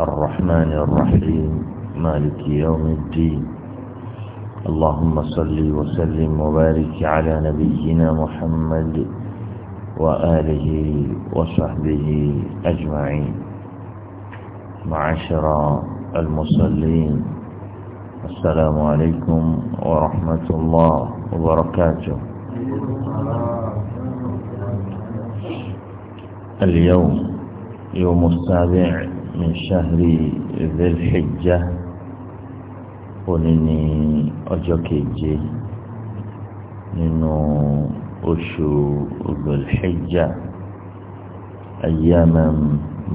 الرحمن الرحيم مالك يوم الدين اللهم صل وسلم وبارك على نبينا محمد وآله وصحبه أجمعين معاشر المصلين السلام عليكم ورحمة الله وبركاته اليوم يوم السابع من شهر ذي الحجة òní ni ọjọ́ keje nínú oṣù Dhul Hijjah ayyaman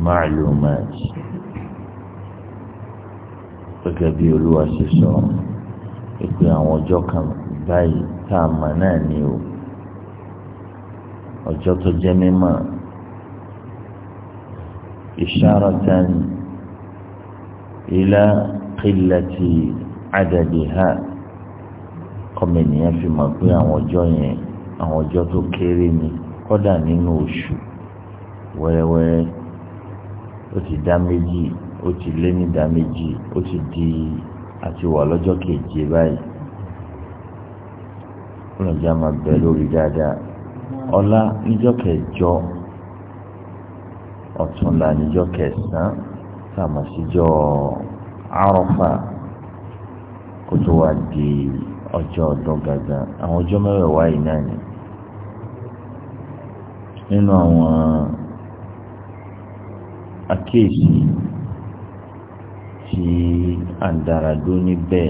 ma'lumat gẹ́gẹ́ bí olúwa ṣe sọ pé àwọn ọjọ́ kan báyìí tá a mọ̀ náà ni o ọjọ́ tó jẹ́ mímọ̀ إشارة إلى قلة عددها kọ́mọ ènìyàn fi mọ̀ pé àwọn ọjọ́ yẹn àwọn ọjọ́ tó kéré ni kọ́dà nínú oṣù wẹ́rẹ́wẹ́rẹ́ ó ti dá méjì ó ti lé ní dá méjì ó ti di àti wà lọ́jọ́ keje báyìí ó lọ́jà máa bẹ lórí dáadáa ọ̀la níjọ́ kẹjọ ọ̀túnla níjọ́ kẹsàn-án sàmọ̀ síjọ́ àrọ́fà kó tó di ọjọ́ ọdún gangan àwọn ọjọ́ mẹ́wẹ̀ẹ̀wá yìí náà ni nínú àwọn àkéèsì tí àǹdàràdó níbẹ̀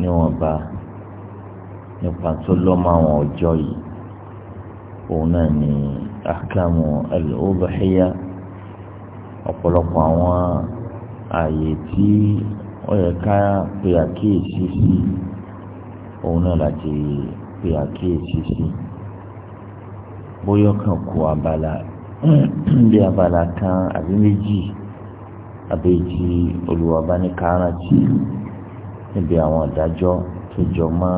níwọ̀nba nípa tó lọ́mọ àwọn ọjọ́ yìí òun náà ni. ahkamu al-udhiya ọ̀pọ̀lọpọ̀ àwọn ààyè tí ó yẹ ká pe àkíyèsí sí òun náà láti pe àkíyèsí sí bóyá kàn kó abala bí abala kan àbí méjì àbí tí Olúwa bá ní káràtì níbi àwọn ìdájọ́ tó jọ mọ́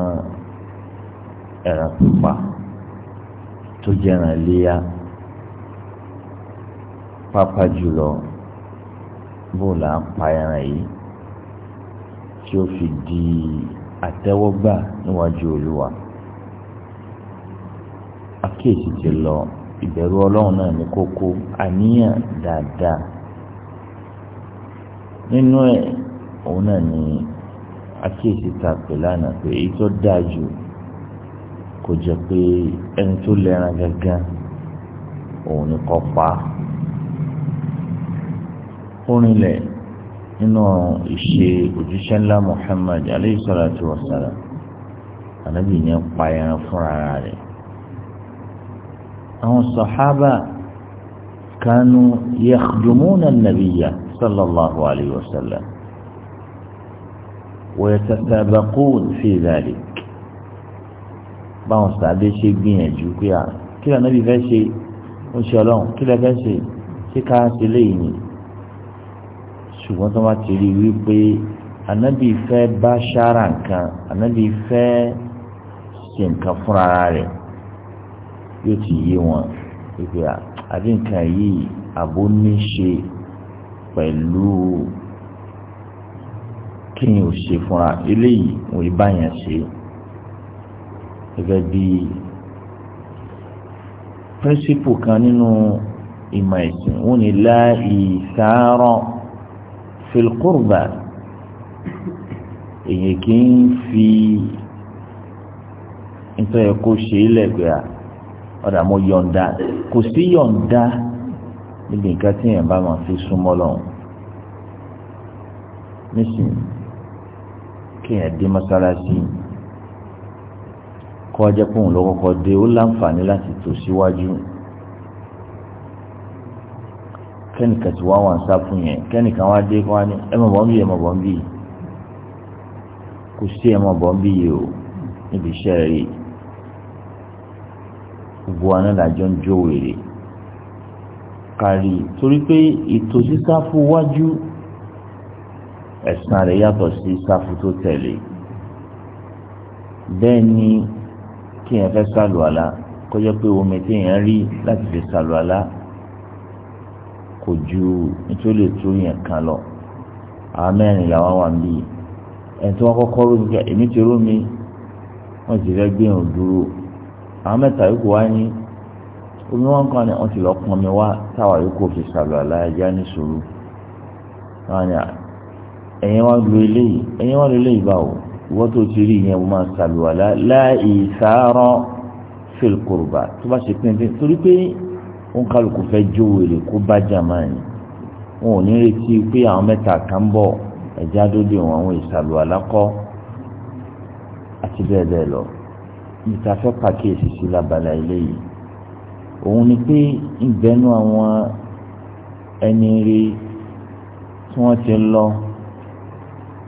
ẹran pípa tó jẹ́ràn léyà pápá jùlọ bóòlù la ń pa ẹran yìí tí ó fi di àtẹ́wọ́gbà níwájú olúwa àkíyèsí ti lọ ìbẹ̀rù ọlọ́run náà ní kókó àníyàn dáadáa nínú ẹ̀ òun náà ní àkíyèsí ta pè lánàá pé èyí tó dáa jù kò jẹ́ pé ẹni tó lẹ́ran gángan òun ni kọ́ pa á kúrinlẹ̀ nínú ìṣe òjíṣẹ́ ńlá Muhammad aleyhi salatu wa salam ànábì yẹn pa ẹran fúnra rẹ̀ àwọn sàhábà kanu yakhdumuna an-nabiyya sallallahu alayhi wa sallam wa yatasabaqun fi dhalik báwọn sàbẹ ṣe gbìyànjú pé à ah, kí lóò ànábì fẹ́ ṣe ó ṣe ọlọ́run kí lóò fẹ́ ṣe ṣé ká ni ṣùgbọ́n tó bá ti rí i wípé anabi fẹ́ bá ṣára nǹkan anabi fẹ́ ṣe nǹkan fúnra rẹ̀ yóò ti yé wọn ìgbé àdínkà yìí àbó ní ṣe pẹ̀lú kí n ò ṣe fúnra eléyìí wọ́n ibà yẹn ṣe gẹ́gẹ́ bí píríncípù kan nínú ìmọ̀ ẹ̀sìn wọ́n ní láì sáárọ̀ filkurba èyàn kì í fi nítorí ẹ kó ṣe é lẹ́gbẹ̀ẹ́ à ọ̀dà mo yọ̀ǹda kò sí yọ̀ǹda níbi nǹkan tí èèyàn bá máa fi súnmọ́ lọ́hùn nísìnyí kéèyàn dé mọ́sálásí kọ́ ọjọ́ òun ló dé ó láǹfààní láti tò síwájú. Si kẹ́nìkan ti wá wọn sá fún yẹn kẹ́nìkan wá dé kó wá ní ẹ mọ̀ bọ́ ń bí ẹ mọ̀ bọ́ ń bí kò sí ẹ mọ̀ bọ́ ń bí yìí o níbi iṣẹ́ rẹ̀ yìí gbogbo wa náà làjọ ń jó wèrè kárí torí pé ètò sísáfù wájú ẹ̀sán rẹ̀ yàtọ̀ sí sáfù tó tẹ̀lé bẹ́ẹ̀ ni kí ẹ fẹ́ sálù àlá kọjá pé omi tí èèyàn rí láti fi sálù àlá kò ju nítorí ètò yẹn kan lọ àwọn mẹ́rin làwọn wà níbí ẹni tí wọ́n kọ́kọ́ rómi kí èmi ti rómi wọ́n ti fẹ́ gbé hàn dúró àwọn mẹ́ta yòókù wá ní omi wọn kan ni wọ́n ti lọ pọn mi wá táwa yòókù fi sàlù àlàyé ní sòrò ẹ̀yin wá lu eléyìí ẹ̀yin wá lu eléyìí báwo ìwọ́n tó ti rí ìyẹn mo máa sàlù àlàyé láì sàárọ̀ fìlkùrùbà tó bá ṣe pínpín torí pé wọn kálukú fẹ́ jó wèrè kó bá jàmá yìí wọn ò ní retí pé àwọn mẹ́ta kan bọ̀ ẹ̀já dóde wọn àwọn ìsàlù alákọ́ àti bẹ́ẹ̀ bẹ́ẹ̀ lọ ìtafẹ́ pàkíyèsí sí lábala eléyìí òun ni pé ìgbẹ́nu àwọn ẹni rí tí wọ́n ti lọ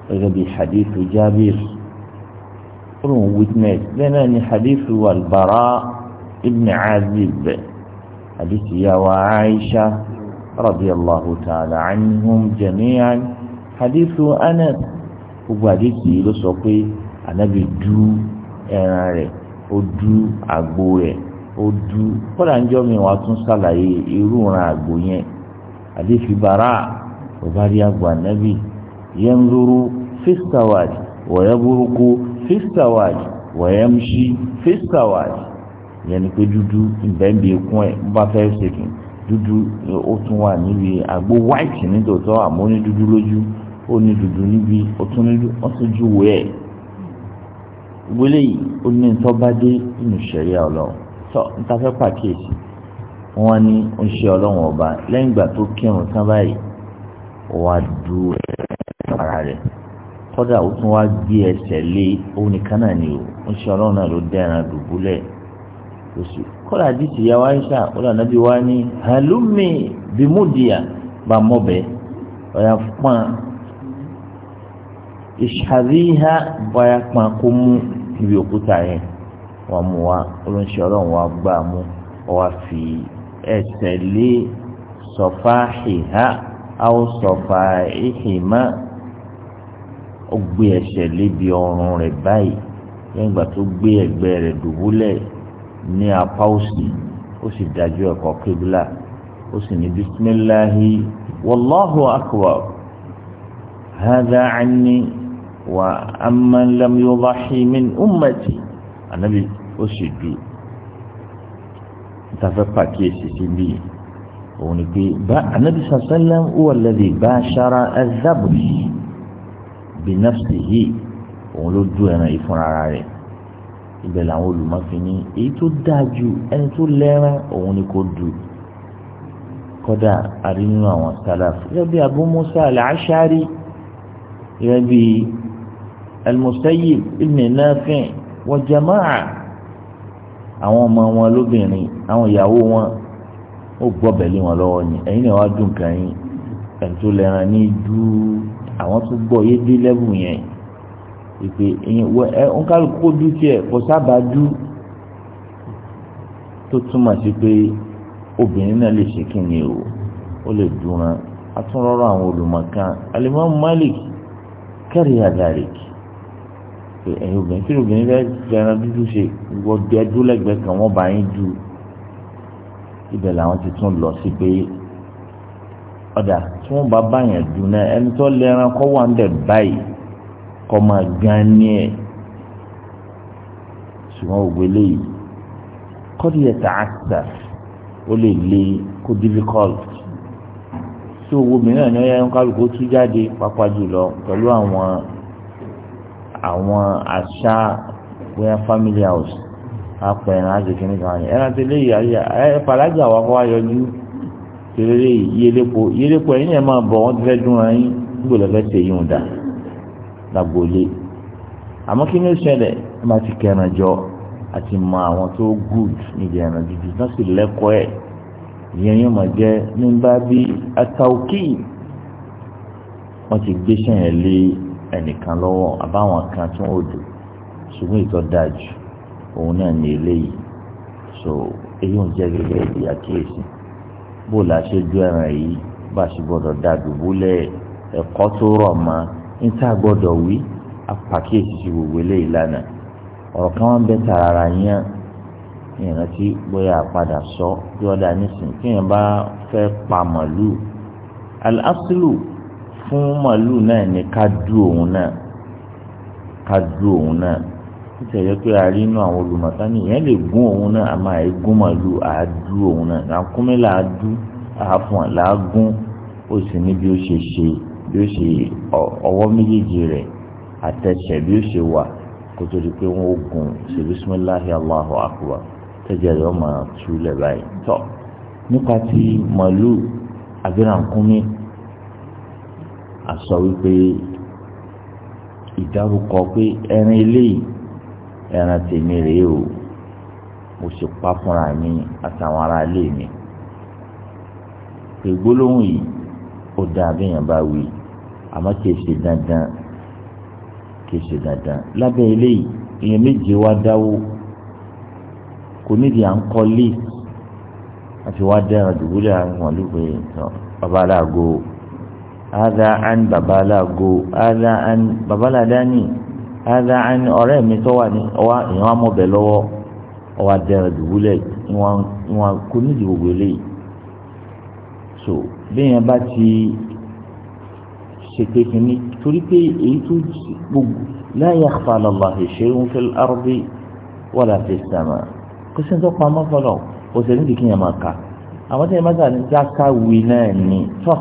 gẹ́gẹ́ bí hadithu Jabir ó witness bẹ́ẹ̀ náà ni hadithu al ibn Azib bẹ́ẹ̀ àdìsí yàwó Aisha radiyallahu ta'ala anhum jami'an àdìsí Anas gbogbo àdìsí ló sọ pé ànábì dú ẹran rẹ̀ ó dú àgbo rẹ̀ ó dú kódà ń jọ́ mi wàá tún ṣàlàyé irú ìran àgbo yẹn àdìsí bàrà ọba rí àgbo ànábì yanzuru fi sawad wa yabruku fi sawad wa yamshi fi sawad ìyẹn ni pé dúdú ìbẹ́ǹbì kún ẹ̀ ń bá fẹ́ ṣe kí dúdú ó tún wà níbi àgbo white nítòótọ́ àmọ́ ní dúdú lójú ó ní dúdú níbi ó tún ní ó tún jù wé ẹ̀ wọlé yìí ó ní ntọ́badé nínú sẹ̀ríà ọlọ́run tọ́ ntafẹ́ pàkíyèsí wọn ní ó ṣe ọlọ́run ọba lẹ́yìn ìgbà tó kírun tán báyìí ó wá du ara rẹ̀ kọ́dà ó tún wá gbé ẹsẹ̀ lé òun nìkan náà ni ó ń ṣe ọlọ́run náà ló dẹ́ran dùbúlẹ̀ kò sí kọ́lá àdìsí ya wá ṣá ọ̀là nàbí wá ní halumi bimudia bá mọ́bẹ̀ ọ̀yà pọ́n ìṣàríhà báyà pọ́n kó mú ibi òkúta yẹn wà mú wa olóńṣẹ́ ọlọ́run wa gbà mú ọwà fi ọrùn rẹ̀ báyìí lẹ́yìn ìgbà tó gbé ẹgbẹ́ rẹ̀ dùbúlẹ̀ ní apá òsì ó sì dájú ẹ̀kọ́ kébìlà ó sì ní bisimilahi wàláhu akbar hada anni wa amman lam yudahi min ummati anabi ó sì du tafẹ́ pàkíyèsí sí bí òun ni pé bá anabi sàṣẹlẹm wà lẹ́dí bá aṣara ẹ̀zábùrì bí nàfṣì nafsihi òun ló du ẹ̀ràn ìfúnra rẹ̀. ibẹ̀ làwọn olùmọ̀fin ní èyí tó dáa ju ẹni tó lẹ́rán òun ni kò dù kọ́dà àrí nínú àwọn sálàf gẹ́gẹ́ bí abu musa al-ashari gẹ́gẹ́ bí al-musayyib ibn nafi' wa jama'a àwọn ọmọ wọn lóbìnrin àwọn ìyàwó wọn ó gbọ́ bẹ̀lí wọn lọ́wọ́ ni ẹ̀yin náà wá dùn kàn yín ẹni tó lẹ́rán ní dúró àwọn tó gbọ́ yé dé lẹ́bù yẹn ìpè nkálukú kó dú tiẹ̀ kó sábà dú tó túmọ̀ sí pé obìnrin náà lè ṣe kíni o ó lè dúnran atúnrọ́rọ́ àwọn olùmọ̀kan alimam Malik kẹ́rì àdàrík ẹ̀yin obìnrin tí obìnrin fẹ́ fẹ́ràn dúdú ṣe gbọ́dọ̀ ẹdúlẹ́gbẹ̀ẹ́ kan wọ́n bá yín ju ibẹ̀ làwọn ti tún lọ sí pé ọ̀dà tí wọ́n bá báyàn dùn náà ẹni tó lẹ́ran kọ́ wà ń bẹ̀ báyìí kọ́ máa gan ní ẹ̀ ṣùgbọ́n ògbélé yìí kọ́dí ẹ̀ tà á tà ó lè le kó difficult tí owó mìíràn ní ọ̀yá kálukú tú jáde pàápàá jùlọ pẹ̀lú àwọn àwọn àṣà bóyá family house apẹ̀rẹ̀ àjèkì nígbà wọn ẹ̀rọ ti lé yàrá ẹ̀ fàlájà wà kọ́ ayọ̀jú tẹ̀lé yélépo yélépo ẹ̀yìn ẹ̀ máa bọ̀ wọ́n ti fẹ́ dún ẹ̀yìn gbọ́dọ̀ fẹ́ tẹ̀yìn ọ̀dà lágboolé àmọ́ kí ni ó ṣẹlẹ̀ ẹ máa ti kẹran jọ àti mọ àwọn tó gùd níbi ẹran dídì náà sì lẹ́kọ̀ọ́ ẹ̀ ìyẹn yóò máa jẹ́ nígbà bí atawkí wọ́n ti gbéṣẹ́ yẹn lé ẹnìkan lọ́wọ́ àbáwọn kan tún odò ṣùgbọ́n ìtọ́ dáa jù òun náà ní eléyìí so èyí ń jẹ́ gẹ́gẹ́ bí àkíyèsí bó la ṣe ju ẹran yìí bá a ṣe gbọ́dọ̀ dá dùbúlẹ̀ ẹ̀kọ́ tó rọ̀ mọ́ níta gbọ́dọ̀ wí apàkíyèsí si gbogbo eléyìí ilana ọ̀rọ̀ kan wọn bẹ tààrà yẹn ìrántí bóyá àpadà sọ bí ọ̀dà nísìn kí yẹn bá fẹ́ pa màlúù aláṣìlù fún màlúù náà ni ká dú òun náà ká dú òun náà títẹ̀yẹ pé a rí inú àwọn olùmọ̀tá ní ìyẹn lè gún òun náà àmọ́ àìgún màlúù àádú òun náà làkúnmí làádú àáfọ̀n làágún ó sì níbi ó ṣe ṣe bí ó ṣe ọwọ́ méjèèjì rẹ̀ àtẹsẹ̀ bí ó ṣe wà kó tó di pé wọ́n ó gùn ṣe bisimilahi allahu akbar tẹ́jẹ́ rẹ̀ ọmọ túlẹ̀ báyìí tọ́ nípa ti màálù abirankumi àsọ wípé ìdárúkọ pé ẹran eléyìí ẹran tèmi rèé o mo sì pa fúnra mi àtàwọn ará ilé mi pé yìí ó dáa bí yẹn bá wí àmọ́ kìí ṣe dandan kìí ṣe dandan lábẹ́ eléyìí èèyàn méje wá dáwó kò nídìí à ń kọ́ lé àti wá dẹ́ràn dùbúlẹ̀ àwọn olùgbé tán bàbá aláàgó ádá án bàbá aláàgó ádá án bàbá ádá án ọ̀rẹ́ mi tó wà ní ọwá èèyàn wá mọ̀bẹ̀ lọ́wọ́ ọwá dẹ́ràn dùbúlẹ̀ ìwọ̀n kò nídìí gbogbo eléyìí so bí èèyàn bá ti ṣètè kìíní torí pé èyí tó gbogbo la yakhfa 'ala Allahi shay'un fil ardi wala fis samaa kò sí nítorí pamọ́ fọlọ́ kò sí níbi kí n yà máa ka àwọn tẹ́lẹ̀ máa sàn já káwé náà ní tọ́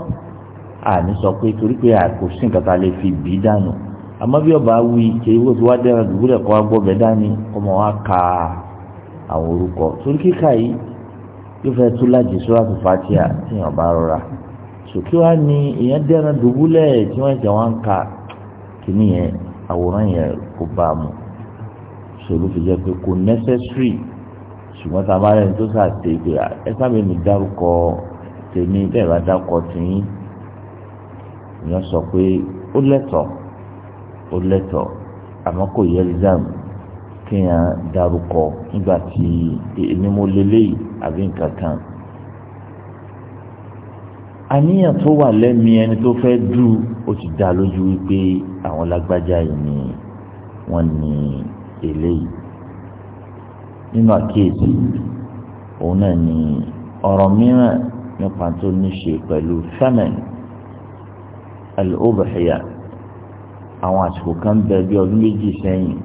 àní sọ pé torí pé àkó sí nǹkan tá a lè fi bí dànù àmọ́ bí ọba wí ṣe wọ́n ti wá dẹ́rẹ́ dùbúlẹ̀ kọ́ wá dání ọmọ wa ka àwọn orúkọ torí kíkà yìí yóò fẹ́ tó lájì sọ́ra tó fàtíà tí yàn bá rọra sòkè wá ní èèyàn dẹ́ran dùbúlẹ̀ tí wọ́n jẹ́ wọn ka kìíní yẹn àwòrán yẹn kò bá a mu sòlù fi jẹ́ pé kò nẹ́sẹ̀sírì ṣùgbọ́n tá a bá rẹ̀ ní tó sà té pé ẹ sábà mi dárúkọ tèmi bẹ́ẹ̀ bá dákọ tìyín èèyàn sọ pé ó lẹ́tọ̀ ó lẹ́tọ̀ àmọ́ kò yẹ ẹlẹ́dàmù kéèyàn dárúkọ nígbà tí èmi mo lélẹ́yìí àbí nǹkan kan àníyàn tó wà lẹ́mìí ẹni tó fẹ́ dù ó ti dá lójú wípé àwọn lágbájá yìí ni wọ́n ní eléyìí nínú àkíyèsí òun náà ni ọ̀rọ̀ mìíràn nípa tó ní ṣe pẹ̀lú famine al àwọn àsìkò kan bẹ bí ọdún méjì sẹ́yìn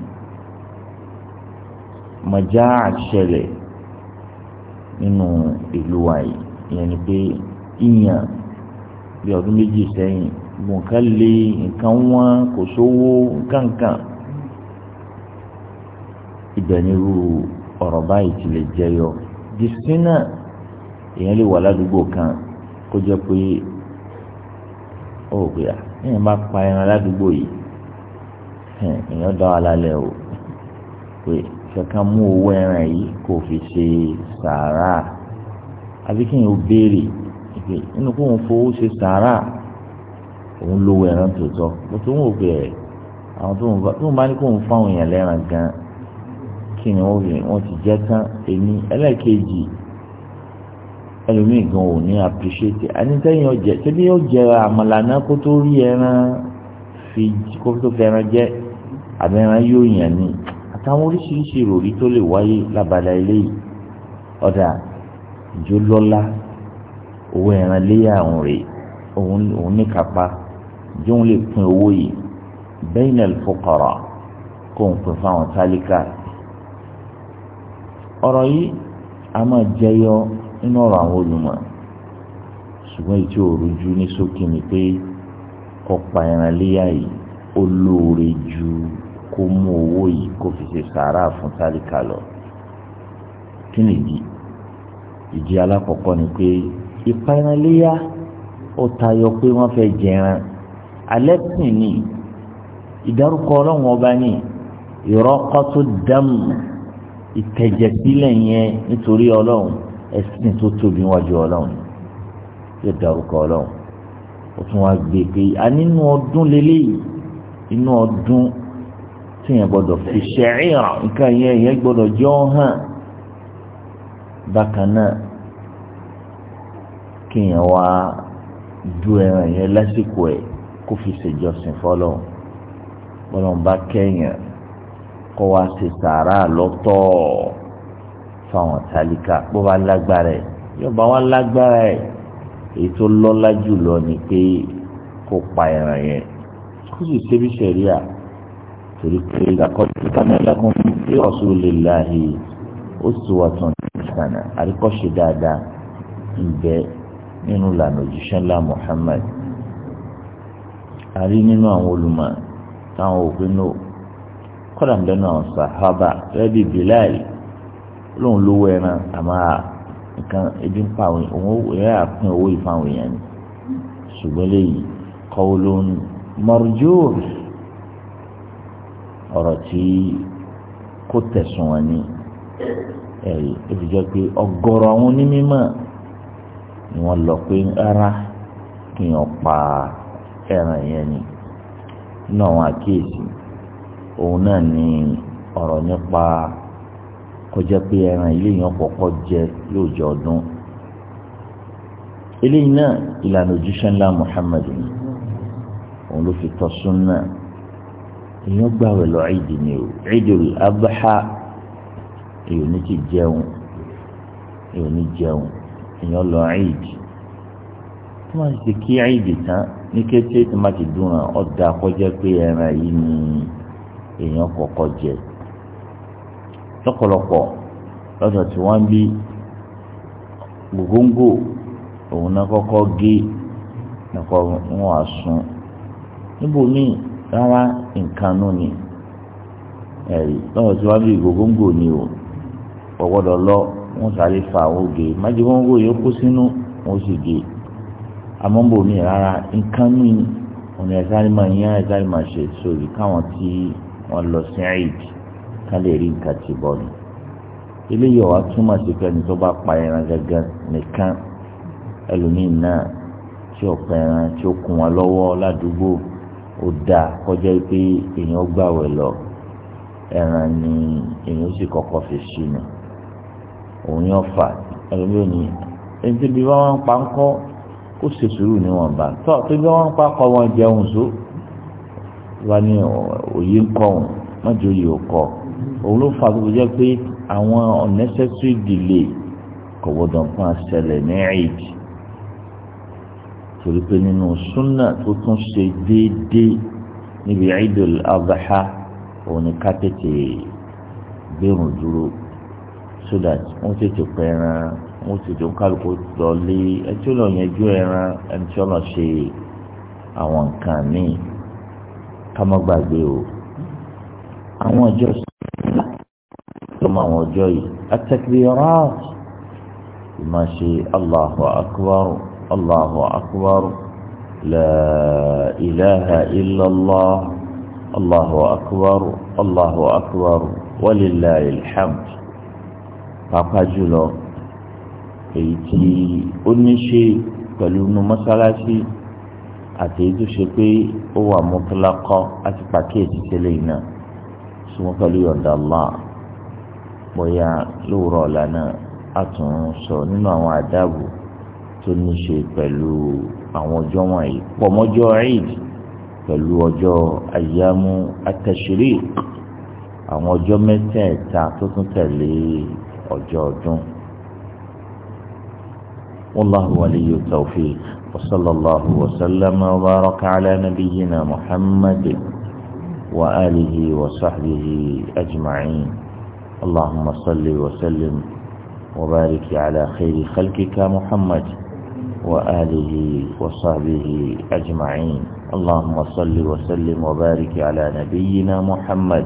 mọ̀já àṣẹlẹ̀ nínú ìlú wa yìí ìyẹn ni pé ìyàn bí ọdún méjì sẹ́yìn nǹkan le nǹkan wọn kò sówó nǹkankan ibẹ̀ ni irú ọ̀rọ̀ báyìí ti lè jẹyọ jìsínà èèyàn lè wà ládùúgbò kan kó jẹ́ pé ó pè èèyàn bá pa ẹran ládùúgbò yìí èèyàn dá wa lálẹ́ o pé kankan mú owó ẹran yìí kò fi ṣe sàárà àbí kéèyàn ó béèrè pé nínú kó òun fowó ṣe sàárà òun lówó ẹran tòótọ́ bó tó wò bẹ̀rẹ̀ àwọn tó ń bá ní kó òun fáwọn èèyàn lẹ́ran gan kí ni wọ́n rìn wọ́n ti jẹ́ tán èmi ẹlẹ́ẹ̀kejì ẹlòmíì gan ò ní appreciate anítẹ́yìn ọ̀jẹ̀ tẹ́bí yóò jẹ àmàlà kó tó rí ẹran fi kó tó fi ẹran jẹ àbẹ̀rẹ̀ yóò yàn ni àtàwọn oríṣiríṣi ìròrí tó lè wáyé lábala eléyìí ọ̀dà ìjó owó ẹran léyà òun rè òun ní kápá jóun lè pín owó yìí bainal fuqara kó ń pè fáwọn tálíkà ọ̀rọ̀ yìí a máa jẹyọ nínú ọ̀rọ̀ àwọn olùmọ̀ ṣùgbọ́n èyí tí ní sókè ni pé ọ̀pá ẹran léyà yìí ó lóore ju kó mú owó yìí kó fi ṣe sàárà fún tálíkà lọ kí nìdí ìdí alákọ̀ọ́kọ́ ni pé ìpẹranléyà ó tayọ pé wọ́n fẹ́ jẹran alẹ́ sìn ní ìdárúkọ ọlọ́run ọba ní ìrọ́kọ́tò dámù ìtẹ̀jẹ̀sílẹ̀ yẹn nítorí ọlọ́run ẹ̀sìn tó tóbi wájú ọlọ́run yóò dárúkọ ọlọ́run ó tún wá gbé pé a nínú ọdún lélẹ́yìí inú ọdún tí yẹn gbọ́dọ̀ fi ṣẹ̀ríà nǹkan yẹn yẹn gbọ́dọ̀ jọ hàn bákan náà kéèyàn wá du ẹran yẹn lásìkò ẹ kó fi ṣèjọsìn fọlọ bọlọm bá kẹyàn kó wá ṣe sàárà lọ́tọ̀ fáwọn tálíkà bó bá lágbára ẹ yọba wá lágbára ẹ èyí tó lọ́lá jùlọ ni pé kó pa ẹran yẹn kó sì ṣébi ṣẹríà torí pé ìdàkọ́jú kámẹ́lẹ́kùn bí Rasulillahi uswatun hasana àríkọ́ṣe dáadáa ìbẹ́ nínú ìlànà òjíṣẹ́ ńlá Muhammad a rí nínú àwọn olùmọ̀ táwọn òpin náà kọ́dà ń bẹ́nu àwọn sàhábà rẹ́bì Bilal lóun lówó ẹran àmọ́ nǹkan ebi ń pa àwọn òun ẹ̀rọ àpín owó ìfáwọn èèyàn ni ṣùgbọ́n léyìí qawlun marjur ọ̀rọ̀ tí kò tẹ̀sùn wọn ni ẹ̀rí ó fi jẹ́ pé ọ̀gọ̀rọ̀ àwọn onímọ̀ ni wọ́n lọ pé rárá kí wọ́n pa ẹran yẹn ni nínú àwọn àkíyèsí òun náà ni ọ̀rọ̀ nípa kọjá pé ẹran ilé yẹn kọ́kọ́ jẹ ọdún eléyìí náà ìlànà òjíṣẹ́ ńlá Muhammadu ni òun ló fi tọ́ súnà èèyàn gbà wẹ̀ lọ ìdì ni o ìdì rẹ̀ abáhà èèyàn ní ti jẹun èèyàn ní jẹun èèyàn lọ ẹ̀ẹ́dì tí wọ́n ti kí ẹ̀ẹ́dì tán ní kété tí ti dùn án kọjá pé ẹran yìí ni èèyàn kọ̀kọ́ jẹ lọ́pọ̀lọpọ̀ lọ́dọ̀ tí wọ́n bí gògóńgò òun náà kọ́kọ́ gé nǹkan wọn á sun níbo míì rárá nǹkan nù ni ẹ̀rí lọ́dọ̀ tí wọ́n ni o ọ̀gbọ́dọ̀ lọ wọ́n sáré fa àwọn oge májèwọ́ngò yóò kó sínú wọ́n sì gé amọ́bò mi rárá nǹkan mi òní ẹ̀sáré máa yán ẹ̀sáré máa ṣe sórí káwọn tí wọ́n lọ sí eid ká lè rí nǹkan ti bọ̀ ni eléyìí ọ̀wá túmọ̀ sí pé ẹni tó bá pa ẹran gẹ́gẹ́ nìkan ẹlòmíín náà tí ọ̀pọ̀ ẹran tí ó kún wọn lọ́wọ́ ládùúgbò ó dáa kọjá pé èèyàn gbàwẹ̀ lọ ẹran ni èèyàn sì kọ́kọ́ fi sínú òun yóò fà ẹlòmíì ni ẹni tí bí wọ́n ń pa ń kọ́ kó ṣe sùúrù níwọ̀nba tó tó bí wọ́n pa kọ́ wọn jẹun so wọ́n ní òye ń kọ́ wọn wọ́n jẹ́ ò kọ́ òun ló fà tó jẹ́ pé àwọn unnecessary delay kò gbọdọ̀ fún àṣẹlẹ̀ ní Eid torí pé nínú súnà tó tún ṣe déédéé níbi Eid al-Adha òun ni ká gbẹ̀rùn dúró so that wọ́n tètè pẹ́ ẹran wọ́n tètè ń kálukú lọ lé ẹni tí ó lọ yẹn ju ẹran ẹni tí ó lọ ṣe àwọn nǹkan míì ká má gbàgbé o àwọn ọjọ́ sọ́dọ̀ lọ́mọ àwọn ọjọ́ yìí atẹ́kìlẹ́rọ́ ìmọ̀ ṣe Allahu akbar Allahu akbar la ilaha illallah Allahu akbar Allahu akbar walillahi alhamd pàápàá jùlọ èyí tí ó ní ṣe pẹ̀lú inú mọ́sálásí àti èyí tó ṣe pé ó wà mọ́tòlákọ́ láti pàkíyèsí tẹ́lẹ̀ iná súnmọ́ pẹ̀lú yọ̀ǹda Allah bóyá lóòrọ̀ ọ̀la náà a tún sọ nínú àwọn àdáàbò tó ní ṣe pẹ̀lú àwọn ọjọ́ wọ̀nyí pọ̀mọ́jọ́ Eid pẹ̀lú ọjọ́ ayyamu at àwọn ọjọ́ mẹ́tẹ̀ẹ̀ta tó tún tẹ̀lé ọjọ́ ọdún. والله ولي التوفيق وصلى الله وسلم وبارك على نبينا محمد وآله وصحبه أجمعين اللهم صل وسلم وبارك على خير خلقك محمد وآله وصحبه أجمعين اللهم صل وسلم وبارك على نبينا محمد